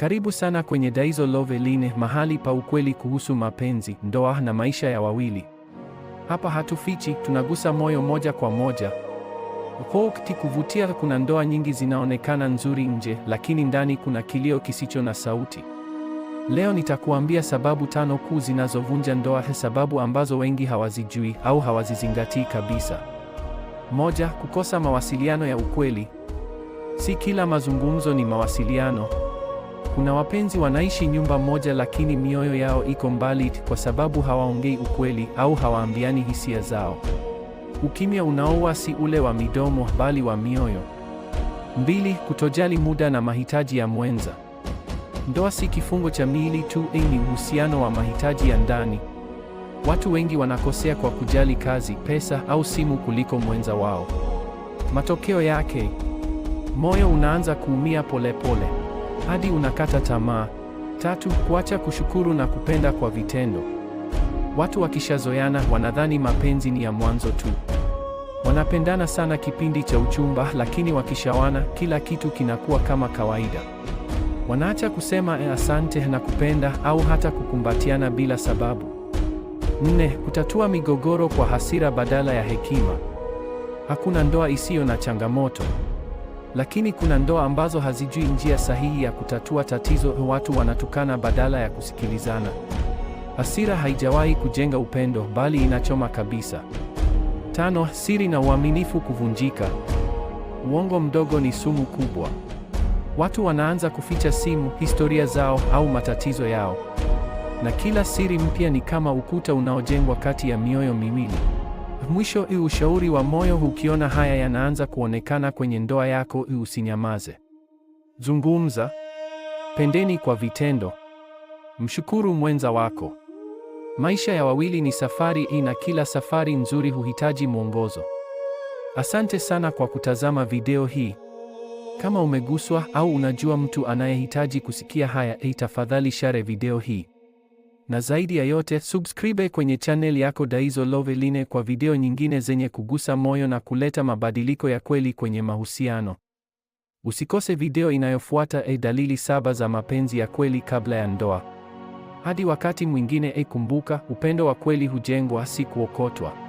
Karibu sana kwenye Daizo Love Line, mahali pa ukweli kuhusu mapenzi, ndoa na maisha ya wawili. Hapa hatufichi, tunagusa moyo moja kwa moja. Ukti kuvutia, kuna ndoa nyingi zinaonekana nzuri nje, lakini ndani kuna kilio kisicho na sauti. Leo nitakuambia sababu tano kuu zinazovunja ndoa, sababu ambazo wengi hawazijui au hawazizingatii kabisa. Moja, kukosa mawasiliano ya ukweli. Si kila mazungumzo ni mawasiliano. Kuna wapenzi wanaishi nyumba moja lakini mioyo yao iko mbali kwa sababu hawaongei ukweli au hawaambiani hisia zao. Ukimya unaoua si ule wa midomo bali wa mioyo. Mbili, kutojali muda na mahitaji ya mwenza. Ndoa si kifungo cha miili tu, ni uhusiano wa mahitaji ya ndani. Watu wengi wanakosea kwa kujali kazi, pesa au simu kuliko mwenza wao. Matokeo yake, moyo unaanza kuumia polepole pole hadi unakata tamaa. Tatu, kuacha kushukuru na kupenda kwa vitendo. Watu wakishazoeana wanadhani mapenzi ni ya mwanzo tu. Wanapendana sana kipindi cha uchumba, lakini wakishawana kila kitu kinakuwa kama kawaida. Wanaacha kusema e, asante na kupenda au hata kukumbatiana bila sababu. Nne, kutatua migogoro kwa hasira badala ya hekima. Hakuna ndoa isiyo na changamoto. Lakini kuna ndoa ambazo hazijui njia sahihi ya kutatua tatizo. Watu wanatukana badala ya kusikilizana. Hasira haijawahi kujenga upendo, bali inachoma kabisa. Tano, siri na uaminifu kuvunjika. Uongo mdogo ni sumu kubwa. Watu wanaanza kuficha simu, historia zao au matatizo yao, na kila siri mpya ni kama ukuta unaojengwa kati ya mioyo miwili. Mwisho i ushauri wa moyo ukiona haya yanaanza kuonekana kwenye ndoa yako, i usinyamaze. Zungumza, pendeni kwa vitendo, mshukuru mwenza wako. Maisha ya wawili ni safari ina kila safari nzuri huhitaji mwongozo. Asante sana kwa kutazama video hii. Kama umeguswa au unajua mtu anayehitaji kusikia haya, i tafadhali share video hii na zaidi ya yote, subscribe kwenye channel yako Daizo Loveline kwa video nyingine zenye kugusa moyo na kuleta mabadiliko ya kweli kwenye mahusiano. Usikose video inayofuata, e, dalili saba za mapenzi ya kweli kabla ya ndoa. Hadi wakati mwingine, e, kumbuka, upendo wa kweli hujengwa, si kuokotwa.